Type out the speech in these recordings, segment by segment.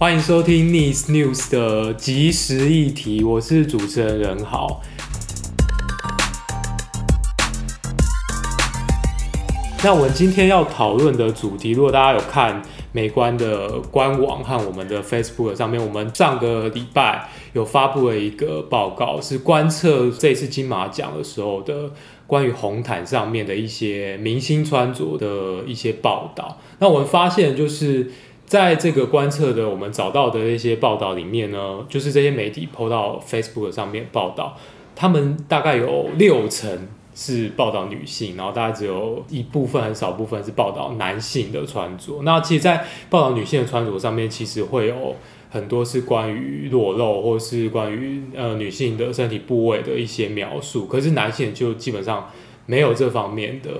歡迎收聽 Nice News 的即時議題，我是主持人任豪。那我們今天要討論的主題，如果大家有看媒觀的官網和我們的 Facebook 上面，我們上個禮拜有發布了一個報告，是觀測這次金馬獎的時候的關於紅毯上面的一些明星穿着的一些報道。那我們發現的就是。在這個觀測的我們找到的一些報道裡面呢，就是這些媒體拋到 Facebook 上面報道他們大概有六成是報道女性，然後大概只有一部分很少部分是報道男性的穿着那其實，在報道女性的穿着上面，其實會有很多是關於裸露或是關於呃女性的身體部位的一些描述，可是男性就基本上，沒有這方面的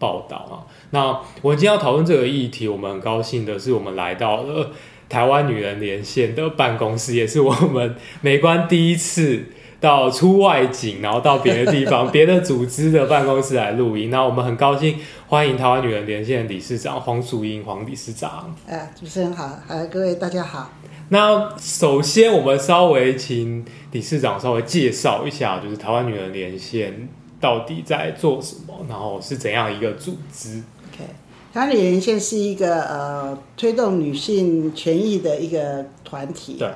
報道啊。那我們今天要討論這個議題，我們很高興的是，我們來到了台灣女人連線的辦公室，也是我們媒觀第一次到出外景，然後到別的地方、 別的組織的辦公室來錄音。那我們很高興，歡迎台灣女人連線的理事長黃淑英黃理事長。哎、呃，主持人好，呃，各位大家好。那首先，我們稍微請理事長稍微介紹一下，就是台灣女人連線。到底在做什麼？然後是怎樣一個組織？OK，台灣女人連線是一個呃推動女性權益的一個團體。對。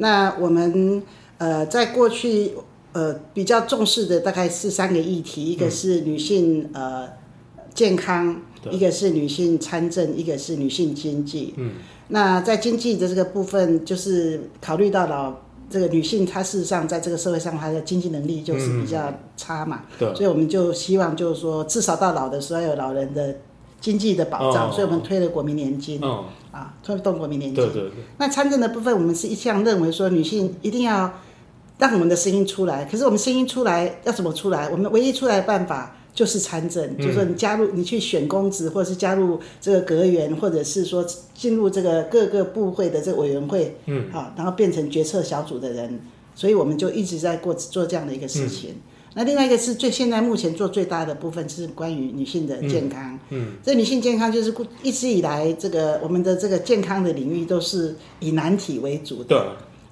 那我們呃在過去呃比較重視的大概是三個議題：一個是女性、嗯、呃健康，對一個是女性參政，一個是女性經濟。嗯。那在經濟的這個部分，就是考慮到了。這個女性，她事實上在這個社會上，她的經濟能力就是比較差嘛。對，所以我們就希望，就是說，至少到老的時候要有老人的經濟的保障，所以我們推了國民年金。哦，啊，推動國民年金。對對對。那參政的部分，我們是一向認為說，女性一定要讓我們的聲音出來。可是我們聲音出來要怎麼出來？我們唯一出來的辦法，就是參政，嗯、就是說你加入你去選公職，或者是加入這個閣員，或者是說進入這個各個部會的這個委員會，好、嗯啊，然後變成決策小組的人。所以我們就一直在過做這樣的一個事情。嗯、那另外一個是最現在目前做最大的部分是關於女性的健康。這、嗯嗯、女性健康就是一直以來這個我們的這個健康的領域都是以男體為主的，對，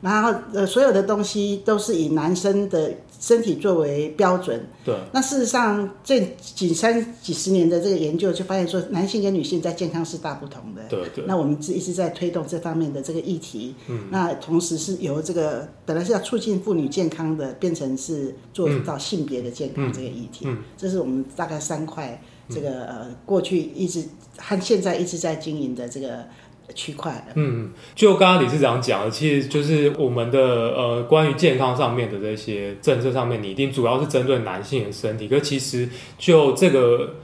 然後呃所有的東西都是以男生的。身體作為標準，對。那事實上，這幾三幾十年的這個研究就發現說，男性跟女性在健康是大不同的。對對。那我們是一直在推動這方面的這個議題。嗯。那同時是由這個本來是要促進婦女健康的，變成是做到性別的健康這個議題。嗯。嗯。嗯。這是我們大概三塊這個呃過去一直和現在一直在經營的這個區塊。嗯，就剛剛理事長講的，其實就是我們的呃，關於健康上面的這些政策上面，你一定主要是針對男性的身體，可是其實就這個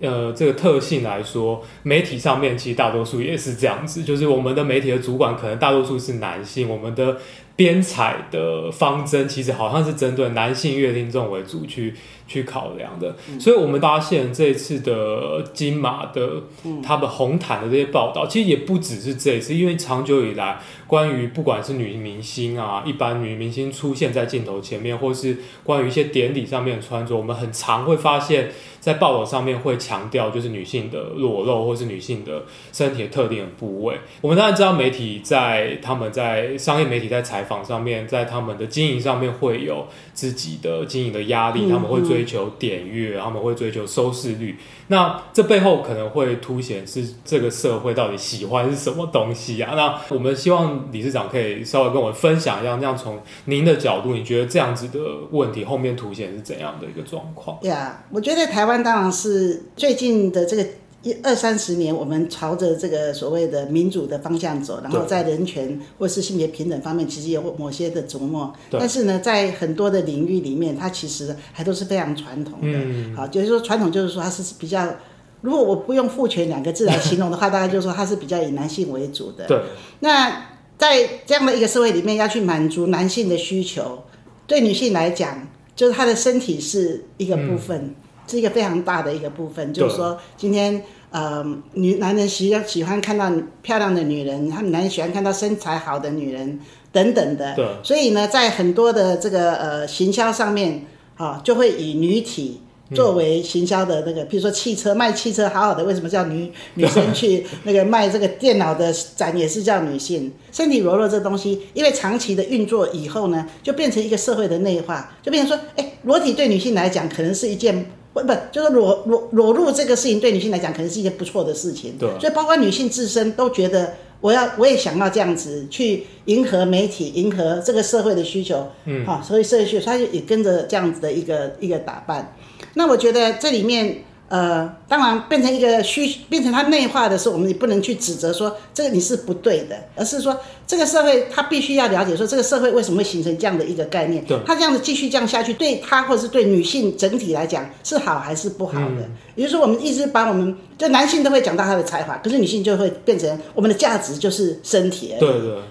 呃這個特性來說，媒體上面其實大多數也是這樣子，就是我們的媒體的主管可能大多數是男性，我們的編採的方針其實好像是針對男性閱聽這種為主去，去考量的，所以我們發現這一次的金馬的他們紅毯的這些報道，其實也不只是這一次，因為長久以來，關於不管是女明星啊，一般女明星出現在鏡頭前面，或是關於一些典禮上面的穿着，我們很常會發現，在報道上面會強調就是女性的裸露或是女性的身體的特定的部位。我們當然知道媒體在他們在商業媒體在採訪上面，在他們的經營上面會有自己的經營的壓力，他們會追。追求點閱，他們會追求收視率。那這背後可能會凸顯是這個社會到底喜歡是什麼東西啊？那我們希望理事長可以稍微跟我分享一下，這樣從您的角度，你覺得這樣子的問題後面凸顯是怎樣的一個狀況？對啊，我覺得台灣當然是最近的這個一二三十年，我們朝着這個所謂的民主的方向走，然後在人權或是性別平等方面，其實有某些的琢磨。對但是呢，在很多的領域裡面，它其實還都是非常傳統的。嗯、好，就是說傳統就是說它是比較，如果我不用父權兩個字來形容的話， 大概就是說它是比較以男性為主的。對。那在這樣的一個社會裡面，要去滿足男性的需求，對女性來講，就是她的身體是一個部分。嗯是一個非常大的一個部分，就是說今天對呃女男人喜歡喜歡看到漂亮的女人，他們男人喜歡看到身材好的女人等等的，對所以呢，在很多的這個呃行銷上面啊，就會以女體作為行銷的那個，比、嗯、如說汽車賣汽車好好的，為什麼叫女女生去那個賣這個電腦的展也是叫女性對身體裸露。這東西，因為長期的運作以後呢，就變成一個社會的內化，就變成說，哎，裸體對女性來講可能是一件。不，就是裸裸裸露這個事情，對女性來講，可能是一件不錯的事情。對，所以包括女性自身都覺得，我要我也想要這樣子去迎合媒體，迎合這個社會的需求。嗯，好、哦，所以社會需求她也跟着這樣子的一個一個打扮。那我覺得這裡面。呃，當然變成一個虛，變成他內化的時候，我們也不能去指責說這個你是不對的，而是說這個社會他必須要了解說這個社會為什麼會形成這樣的一個概念，對他這樣子繼續這樣下去，對他或者是對女性整體來講是好還是不好的？比如、嗯、說，我們一直把我們就男性都會講到他的才華，可是女性就會變成我們的價值就是身體而已，對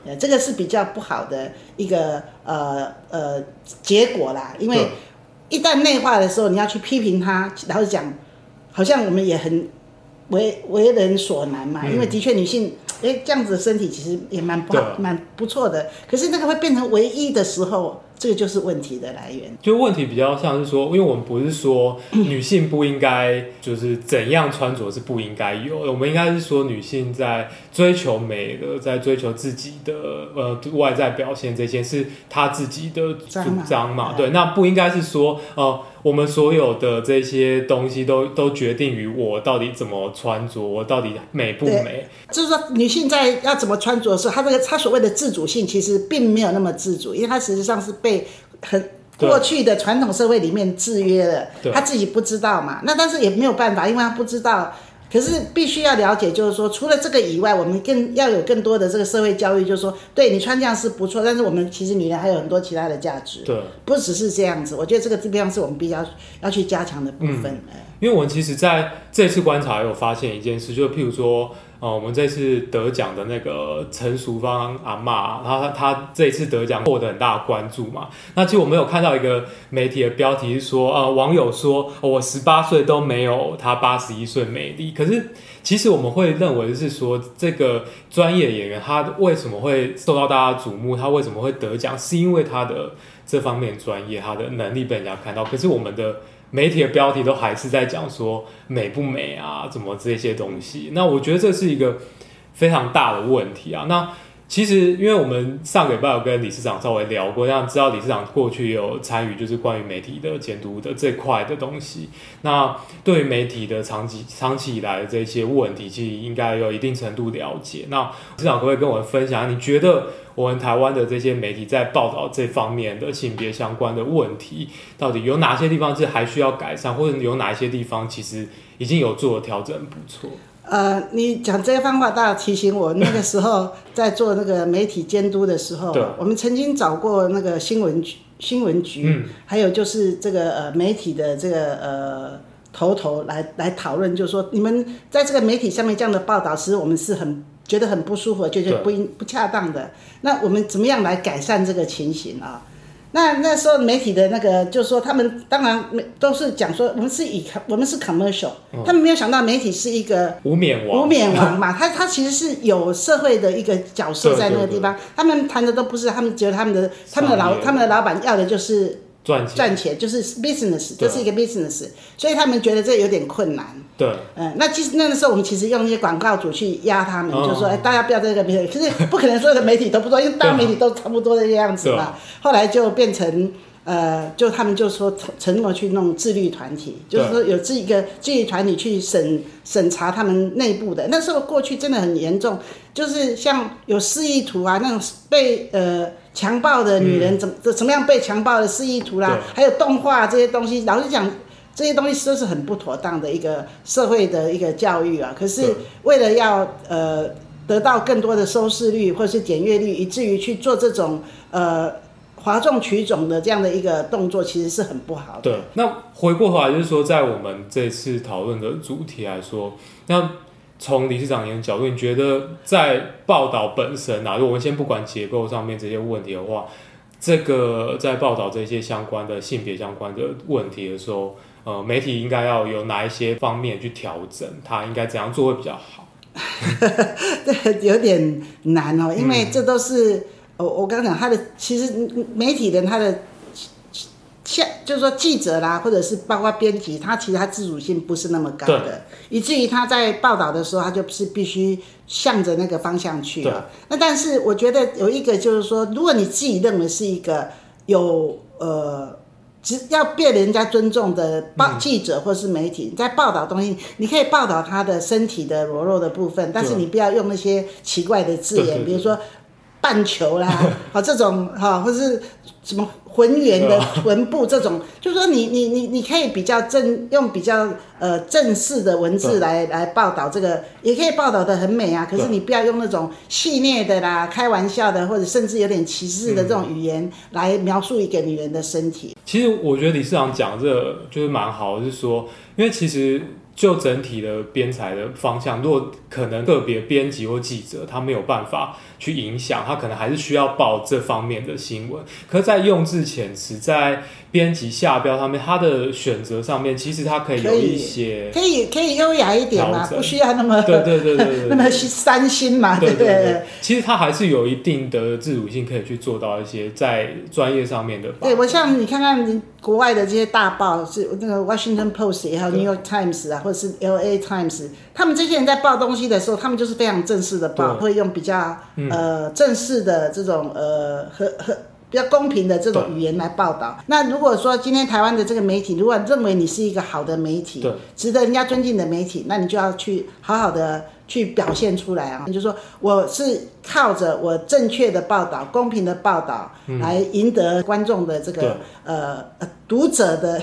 對，這個是比較不好的一個呃呃結果啦，因為一旦內化的時候，你要去批評他，然後講。好像我們也很為為人所難嘛，嗯、因為的確女性，哎，這樣子的身體其實也蠻不好，對蠻不錯的。可是那個會變成唯一的時候，這個就是問題的來源。就問題比較像是說，因為我們不是說女性不應該就是怎樣穿着是不應該有， 我們應該是說女性在追求美的，在追求自己的呃外在表現這些是她自己的主張嘛，馬對，嗯、那不應該是說呃。我們所有的這些東西都都決定於我到底怎麼穿着，我到底美不美？就是說，女性在要怎麼穿着的時候，她這個她所謂的自主性其實並沒有那麼自主，因為她實際上是被很過去的傳統社會裡面制約了，對她自己不知道嘛。對那但是也沒有辦法，因為她不知道。可是必須要了解，就是說，除了這個以外，我們更要有更多的這個社會教育，就是說，對你穿這樣是不錯，但是我們其實女人還有很多其他的價值，對，不只是這樣子。我覺得這個基本上是我們必要要去加強的部分。哎、嗯，因為我們其實在這次觀察還有發現一件事，就是譬如說。哦、呃，我們這次得獎的那個陳淑芳阿嬤，她她這一次得獎獲得很大的關注嘛。那其實我們有看到一個媒體的標題是說，啊、呃，網友說我十八歲都沒有她八十一歲美麗。可是其實我們會認為是說，這個專業演員他為什麼會受到大家矚目，他為什麼會得獎，是因為他的這方面專業，他的能力被人家看到。可是我們的。媒體的標題都還是在講說美不美啊，怎麼這些東西。那我覺得這是一個非常大的問題啊。那。其實，因為我們上個禮拜有跟理事長稍微聊過，那知道理事長過去有參與就是關於媒體的監督的這塊的東西。那對於媒體的長期、長期以來的這些問題，其實應該有一定程度了解。那理事長可不可以跟我們分享，你覺得我們台灣的這些媒體在報道這方面的性別相關的問題，到底有哪些地方是還需要改善，或者有哪一些地方其實已經有做調整，不錯？呃，你講這個方法，大家提醒我，那個時候在做那個媒體監督的時候，對我們曾經找過那個新聞局、新聞局，嗯、還有就是這個呃媒體的這個呃頭頭來來討論，就是說你們在這個媒體上面這樣的報道時，其實我們是很覺得很不舒服，覺得不應不恰當的。對那我們怎麼樣來改善這個情形啊？那那時候媒體的那個，就是說他們當然沒都是講說我們是以，我們是以我們是 commercial，嗯，他們沒有想到媒體是一個無冕王，無冕王嘛，他他 其實是有社會的一個角色在那個地方，對對對，他們談的都不是，他們覺得他們的，對對對，他們的老他們的老闆要的就是。賺賺錢，賺錢就是 business，就是一個 business，< 對 S 2> 所以他們覺得這有點困難。對，嗯，那其實那個時候我們其實用一些廣告主去壓他們，哦、就說哎、欸，大家不要在這個，其實不可能所有的媒體都不做，因為大媒體都差不多的這樣子嘛。對哦、後來就變成。呃，就他們就說承諾去弄自律團體，對就是說有這一個自律團體去審審查他們內部的。那時候過去真的很嚴重，就是像有示意圖啊，那種被呃強暴的女人、嗯、怎怎麼、麼樣被強暴的示意圖啦、啊，對還有動畫這些東西。老實講，這些東西都是很不妥當的一個社會的一個教育啊。可是為了要對呃得到更多的收視率或是點閱率，以至於去做這種呃。譁眾取寵的這樣的一個動作，其實是很不好的。對，那回過頭來就是說，在我們這次討論的主題來說，那從理事長您的角度，你覺得在報道本身、啊，哪如果我們先不管結構上面這些問題的話，這個在報道這些相關的性別相關的問題的時候，呃，媒體應該要有哪一些方面去調整？他應該怎樣做會比較好？這 有點難哦、喔，因為這都是。我我剛剛講他的，其實媒體人他的像，就是說記者啦，或者是包括編輯，他其實他自主性不是那麼高的對，以至於他在報道的時候，他就是必須向着那個方向去了對。那但是我覺得有一個就是說，如果你自己認為是一個有呃，只要被人家尊重的報記者或是媒體，在報道東西，你可以報道他的身體的裸露的部分，但是你不要用那些奇怪的字眼，對對對，比如說。半球啦，啊， 這種哈，或是什麼渾圓的臀部這種，吧就是說你你你你可以比較正用比較呃正式的文字來對來報道這個，也可以報道的很美啊。可是你不要用那種戲謔的啦、對開玩笑的，或者甚至有點歧視的這種語言來描述一個女人的身體。其實我覺得李市長講的這個就是蠻好的，就是說，因為其實。就整體的編採的方向，如果可能個別編輯或記者，他沒有辦法去影響，他可能還是需要報這方面的新聞。可是在用字遣詞，實在，編輯下標上面，他的選擇上面，其實他可以有一些可，可以可以優雅一點嘛，不需要那麼對，對對對對，那麼三心嘛，對對對，對，對對對。其實他還是有一定的自主性，可以去做到一些在專業上面的報。對，我像你看看國外的這些大報，是那個 Washington Post 也好、嗯、，New York Times 啊，對或者是 LA Times，他們這些人在報東西的時候，他們就是非常正式的報，對會用比較、嗯、呃正式的這種呃和和。和比較公平的這種語言來報道。對 那如果說今天台灣的這個媒體，如果認為你是一個好的媒體，對 值得人家尊敬的媒體，那你就要去好好的。去表現出來啊、哦！就就是、說我是靠着我正確的報道、公平的報道、嗯、來贏得觀眾的這個對呃讀者的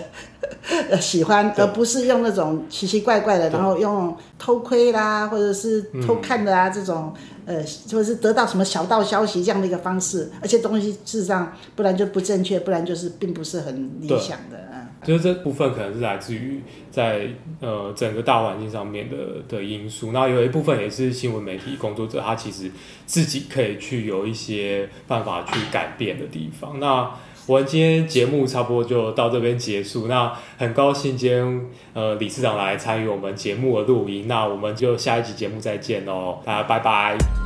呵呵、呃、喜歡，對而不是用那種奇奇怪怪的，對然後用偷窺啦或者是偷看的啊、嗯、這種呃、或、就、者是得到什麼小道消息這樣的一個方式，而且東西事實上不然就不正確，不然就是並不是很理想的。就是這部分可能是來自於在呃整個大環境上面的的因素，然後有一部分也是新聞媒體工作者，他其實自己可以去有一些辦法去改變的地方。那我們今天節目差不多就到這邊結束，那很高興今天呃理事長來參與我們節目的錄音，那我們就下一集節目再見囉，大家拜拜。